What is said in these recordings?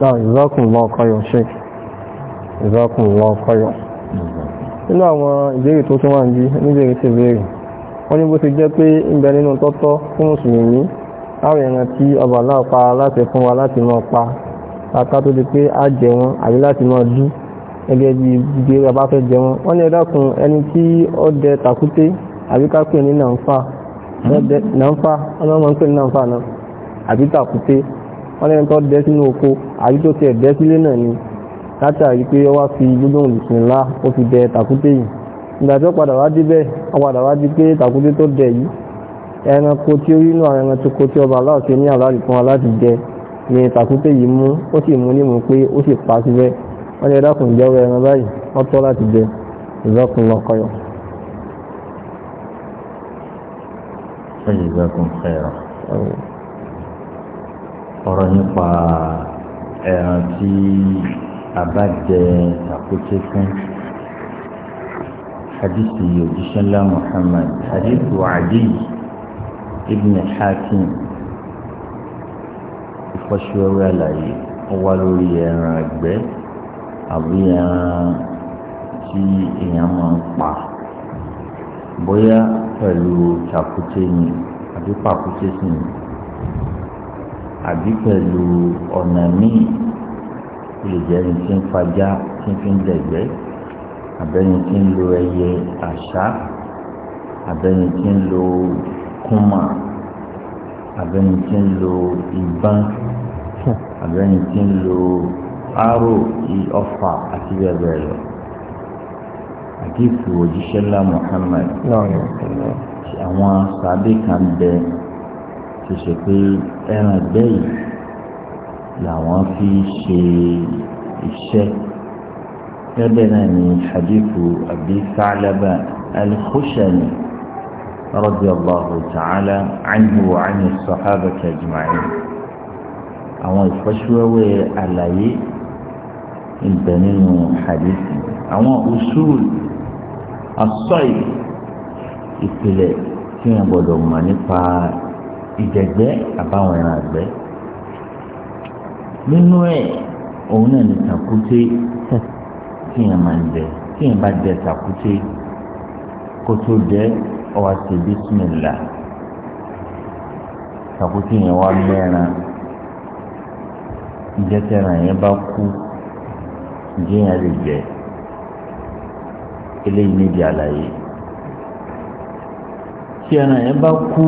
náà jazakumullahu khairan sheik jazakumullahu khairan nínú àwọn ìbéèrè tó tún wà ń bí níbèrè sí ìbéèrè wọ́n ní bó ti jẹ́ pé ń bẹ nínú tọ́tọ́ fún mùsùlùmí láwọn èèyàn tí ọba náà pa láti fún wa láti máa pa kàkà tó di pé á jẹ wọn àbí láti máa dú gẹ́gẹ́ bí gbígbé ọba fẹ́ jẹ wọn wọ́n ní ẹ dákun ẹni tí ó dẹ tàkúté àbí ká pè ní nàǹfà nàǹfà ọlọ́mọ ń pè ní nàǹfà náà àbí tàkúté wọ́n lẹ́yìn tó dẹ́ sínú oko àbí tó tiẹ̀ dẹ́ sílé náà ni látàrí pé ó wá fi gbólóhùn bìsìnlá ó fi dẹ tàkúté yìí ìgbà tó padà wá débẹ̀ ó padà wá di pé tàkúté tó dẹ yìí ẹranko tí ó rí àwọn ẹran tó kó tí ọba aláàṣẹ ní àláàrí láti jẹ ni tàkúté yìí mú ó sì mú nímú pé ó sì pa síbẹ̀ wọ́n lè dákùn ìjẹ́wọ́ ẹran báyìí wọ́n tọ́ láti jẹ ìzọ́kùn lọ́kọ̀yọ̀. فجزاكم خيرا ọ̀rọ̀ nípa ẹran tí a bá jẹ àkótí fún hadisi òjíṣẹ́ Muhammad hadisi wàdí ibn Hakim ìfọ́síwẹ́wẹ́ àlàyé ó wá lórí ẹran àgbẹ̀ àbí ẹran tí èèyàn máa ń pa bóyá pẹ̀lú tàkúté ni àbí pàkúté sì ni àbí pẹ̀lú ọ̀nà míì lè jẹ́ ẹni tí ń fajá tí ń fi ń dẹ̀gbẹ́ àbẹ́ni tí ń lo ẹyẹ àṣá àbẹ́ni tí ń lo kúmà àbẹ́ni tí ń lo ìbọn àbẹ́ni tí ń lo aró ọfà àti bẹ́ẹ̀ bẹ́ẹ̀ lọ àdìsí òjíṣẹ́ ńlá Muhammad àwọn sàbẹ̀ kan bẹ́ẹ̀ tó ṣe pé ẹran bẹ́ẹ̀ làwọn fi ṣe iṣẹ́ gẹ́gẹ́ náà ni hadithu abi sa'laba al-khushani radiyallahu ta'ala anhu wa anhu sahabati ajma'in àwọn ìfọ́síwẹ́wẹ́ àlàyé ìbẹ nínú hadithi àwọn usul asọ́yì ìpìlẹ̀ tí wọ́n gbọ́dọ̀ mọ̀ nípa ìjẹ̀gbẹ́ àbáwọn ẹran àgbẹ̀ nínú ẹ̀ òun náà ní tàkúté tí yẹn máa ń jẹ tí yẹn bá jẹ tàkúté kó tó jẹ ọwọ́ àti bísímìlà tàkúté yẹn wá mẹ́ran ìjẹtẹ̀ràn yẹn bá kú ìjẹ́ yẹn lè jẹ eléyìí níbi àlàyé tí ẹran yẹn bá kú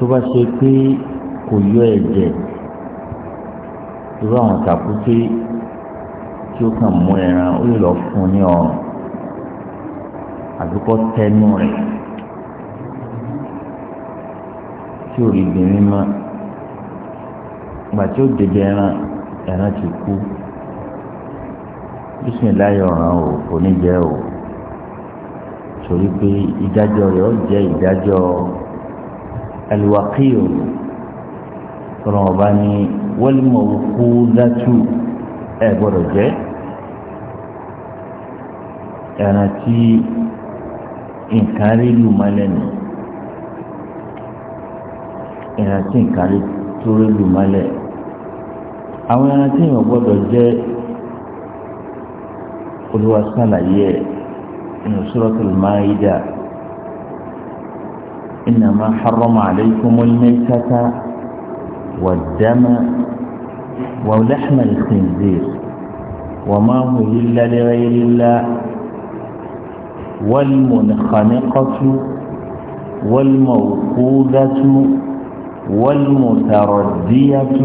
tó bá ṣe pé kò yọ ẹ̀jẹ̀ irú àwọn tàkúté tí ó kàn mú ẹran ó lè lọ fún un ní ọrùn àdúgbò tẹnu rẹ̀ tí ò rí bí mímọ́ ìgbà tí ó dèbè ẹran ẹran ti kú bísíláyọ̀ ọ̀ràn ò kò ní jẹ́ o torí pé ìdájọ́ rẹ̀ ó jẹ́ ìdájọ́ alwakiyo tọrọ ọba ni wọlímọ òkú dátú ẹ gbọ́dọ̀ jẹ ẹran tí nǹkan rí lù má lẹ́nu ẹran tí nǹkan rí tó rí lù má lẹ àwọn ẹran tí èèyàn gbọ́dọ̀ jẹ olùwàsálàyé ẹ nínú Suratul Maida. إنما حرم عليكم الميتة والدم ولحم الخنزير وما أهل لغير الله والمنخنقة والموقوذة والمتردية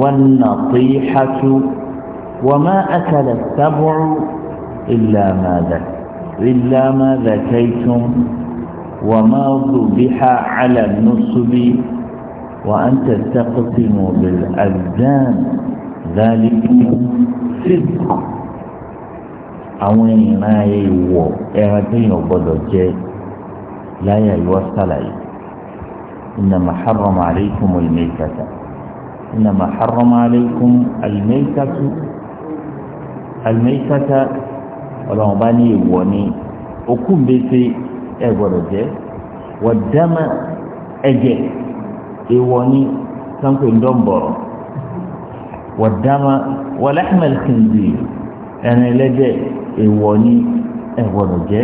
والنطيحة وما أكل السبع إلا ما ذكيتم وما ذبح على النصب وأن تستقسموا بالأذان ذلك فسق àwọn ìran ìwọ ẹran téèyàn gbọ́dọ̀ jẹ láyé àyíwá sàlàyé ìnàmà harrama aleikum alimẹkata ìnàmà harrama aleikum alimẹkatu alimẹkata ọlọ́run bá ní ìwọ ni òkú bẹ sí ẹ gbọ́dọ̀ jẹ wọdẹmà ẹ̀jẹ̀ ìwọ ní sanko ndọmbọrọ wọdẹmà wọlẹhìmẹlì kìnzì ẹnì ẹlẹ́dẹ̀ ìwọ ní ẹ gbọ́dọ̀ jẹ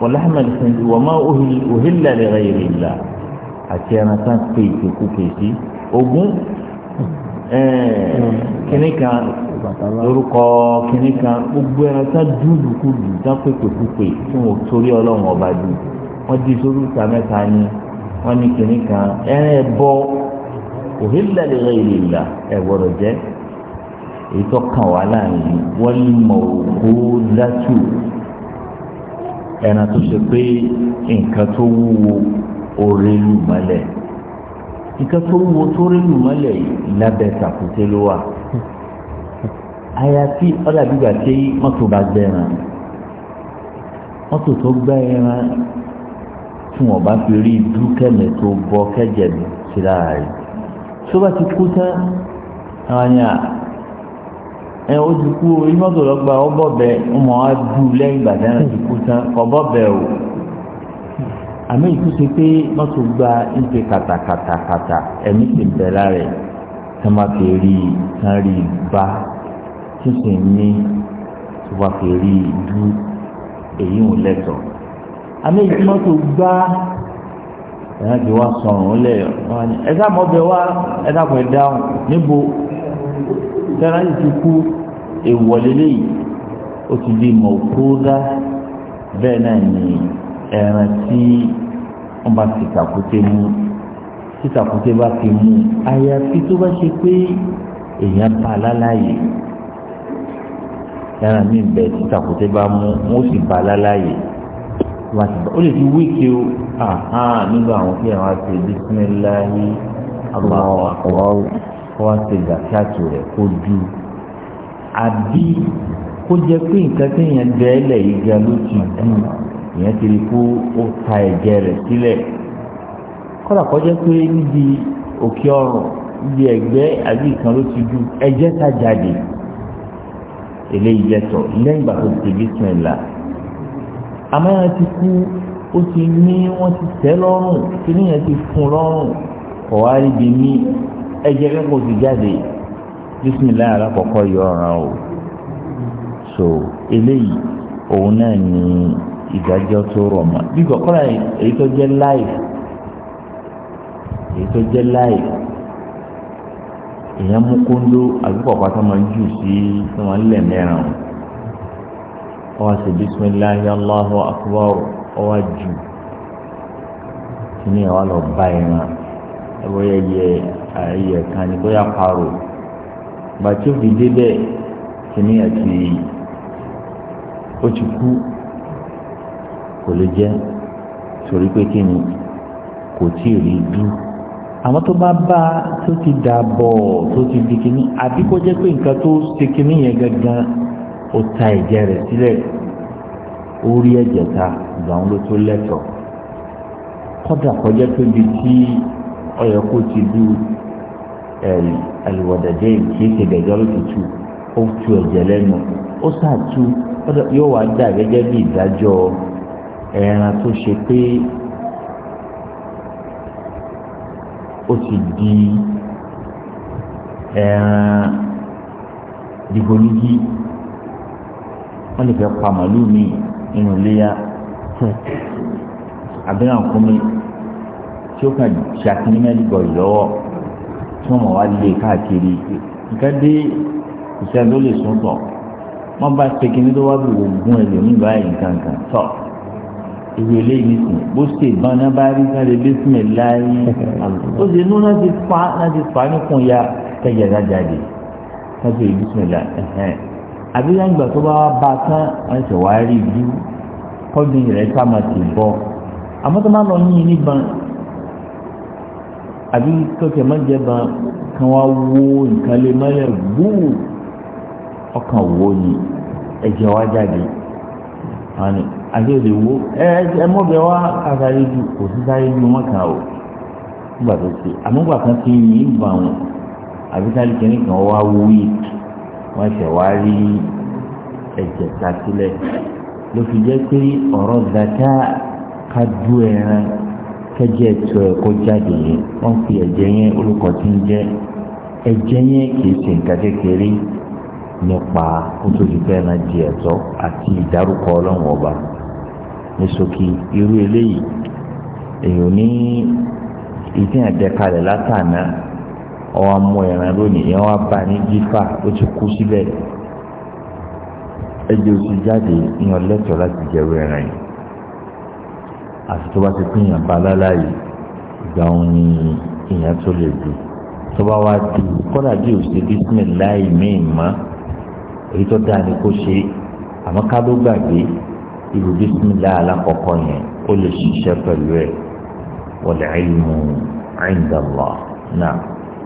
wọlẹhìmẹlì kìnzì wọn máa òhìlẹ lẹrẹ yìí àti ẹran sáà pé ìkékù pèsè ogun ẹẹ hmm. kìnìkan lórúkọ kìnnì kan gbogbo ẹran tá dúdú kú dùn tá pèpèkúpè tí wọn torí ọlọ́run ọba dùn wọn di sórúkà mẹ́ta ni wọn ní kìnnì kan ẹran ẹ bọ òhìnlẹ̀ lè rẹ ìlera ẹ gbọ́dọ̀ jẹ́ èyí tó kàn wá láàrin wọ́n ní mọ̀ òkú dátù ẹran tó ṣe pé nǹkan tó wúwo orelu mọ́lẹ̀ nǹkan tó wúwo tó relu mọ́lẹ̀ yìí lábẹ́ tàkùté ló wà àyàfi ọ̀làdìgbà tí mọ́tò bá gbẹ ẹran mọ́tò tó gbẹ ẹran tí wọ́n bá fi rí idú kẹ́mẹ̀ tó bọ́ kẹ́jẹ̀ mi sí lára rẹ̀ tó bá ti kú tán àwọn àyà ẹ o ti kú orí mọ́tò lọ́gba ọ bọ̀bẹ ọmọ wa dù lẹ́yìn ìgbà tẹ́lẹ̀ ti kú tán kọ bọ̀bẹ o àmì ìtú ti pé mọ́tò gba ìpè kàtàkàtàkàtà ẹ̀mí ti bẹ̀ lára rẹ̀ tí wọ́n bá fi rí tán rí bá sísè ní wàfẹ̀rí ìlú èyí ń lẹ́tọ̀ àmì ìdímọ́tò gbá ẹ̀rọ ti wá sọ̀rùn lẹ̀ ẹ̀dá mọ́bẹ̀ wá ẹ̀dá pẹ̀ dáhùn níbo tẹ́lá yìí ti kú èwọ̀lélẹ́ yìí ó ti di mọ̀kúdá bẹ́ẹ̀ náà ni ẹran tí wọ́n bá ti tàkúté mú tí tàkúté bá ti mú àyàfi tó bá ṣe pé èèyàn bá a lálàyé ẹran mi bẹ títa kò tẹ bá mú wọn sì bá láláyè ó lè fi wíìkì o nígbà àwọn kí àwọn àti bisimilahi Allahu akbar kó wá ṣe gàkíàtò rẹ kó ju àbí kó jẹ pé nǹkan téèyàn dẹ́lẹ̀ yìí ga ló ti dùn ìyẹn ti rí kó ó ta ẹ̀jẹ̀ rẹ̀ sílẹ̀ kọ́dà kọjá pé níbi òkè ọrùn níbi ẹ̀gbẹ́ àbí ìkan ló ti dùn ẹ̀jẹ̀ ta jáde eléyìí jẹ́tọ̀ lẹ́yìn ìgbà tó ti bísímìlà àmọ́ yẹn ti kú ó ti ní wọ́n ti tẹ́ lọ́rùn kíní yẹn ti fún lọ́rùn ọ̀hárí bíi mí ẹ̀jẹ̀ kẹ́kọ̀ọ́ ti jáde bísímìlà alákọ̀ọ́kọ́ yọ ọ̀ràn o so eléyìí òun náà ní ìdájọ́ tó rọ̀ mọ́ bí kọ̀ọ̀kan èyí tó jẹ́ láì èyí tó jẹ́ láì èèyàn mú kóńdó àbí pọ̀pá tó máa ń jù sí tí wọ́n lẹ̀ mẹ́ràn ó wá sí bisimilahi allahu akbar ó jù kíní àwa lọ bá ẹran ẹwọ́ yẹ ayẹyẹ kan ní bóyá parò bàtí ó fi débẹ̀ àti ó ti kú torí pé kò àmọ́ tó bá bá tó ti dàbọ̀ tó ti di kínní àbí kó jẹ́ pé nǹkan tó ṣe kínní yẹn gangan ó ta ẹ̀jẹ̀ rẹ̀ sílẹ̀ ó rí ẹ̀jẹ̀ ta gbàùn ló tó lẹ́tọ̀ọ́ kọ́dà kọjá pé ibi tí ọyọ kó ti du àlùwọ̀dàjẹ́ kì ṣe dẹ̀jọ́ ló ti tu ó tu ẹ̀jẹ̀ lẹ́nu ó sàtú yóò wá dà gẹ́gẹ́ bí ìdájọ́ ẹran tó ṣe pé ó ti di ẹran eh, dìgbòlógí wọ́n lè fẹ́ pa màálù mi nínú iléyà àbẹ́rẹ́ àkómi tí ó kàn ṣàkíní mẹ́lìgọ̀ ìlọ́wọ́ tí wọ́n mọ̀ wá lé káàkiri nǹkan dé ìṣẹ́ ló lè sún tọ̀ wọ́n bá ṣe kíní tó wá bí oògùn ẹ̀lòmíì báyìí nǹkan kan tọ̀ irú eléyìí nìsín bó ṣe ìbọn náà bá rí sáré bísímẹ̀ láyé ó ṣe inú náà ti fa náà ti fa níkùn ya kẹjẹ náà jáde náà ṣe bísímẹ̀ láyé ẹ̀hẹ́n àbí lẹ́yìn ìgbà tó bá bá tán wọ́n ṣe wá rí ìlú kọ́dún rẹ̀ ká máa ti bọ́ àmọ́ tó máa lọ yín níbọn àbí kọ́kẹ́ máa jẹ́ ban kan wá wó nǹkan lè mọ́lẹ̀ gbúù ọkàn wò ni ẹ̀jẹ̀ wá jáde wọn ni àti èdè wo ẹ ẹ mọ́bẹ̀ wá kásáré ju kò sí sáré ju wọn kà ó nígbà tó ṣe àmúgbà kan ti yìn ń bà wọn àbí sáré kẹ́ni kan wá wúyì wọn ṣẹ̀ wá rí ẹ̀jẹ̀ ta sílẹ̀ ló fi jẹ́ pé ọ̀rọ̀ zaka ká du ẹran kẹjẹ tó ẹ̀kọ́ jáde yẹn wọ́n fi ẹ̀jẹ̀ yẹn olùkọ́ ti ń jẹ́ ẹ̀jẹ̀ yẹn kì í ṣe nǹkan kékeré nípa kótójúfẹ́ náà di ẹ̀tọ́ àti ìdárúkọ ọlọ́run ọba ní ṣókí irú eléyìí èèyàn ní ìdí àjẹkalẹ̀ látàná ọwọ́ mú ẹran lónìí ìyẹn wá bá ní jífà ó ti kú síbẹ̀ ẹjẹ oṣù jáde yan lẹ́tọ̀ọ́ láti jẹ̀wé ẹran yìí àti tó bá ti pín yàn bá ìgbà òun ni ìyẹn tó lè dù tó bá wá di kọ́dà bí òṣèlú bísí mi láì mí ìmọ̀ èyí tó dáa ni kó ṣe àmọ́ ká ló gbàgbé irú bísímìlá alákọ̀ọ́kọ́ yẹn ó lè ṣiṣẹ́ pẹ̀lú ẹ̀ wal ilmu inda náà.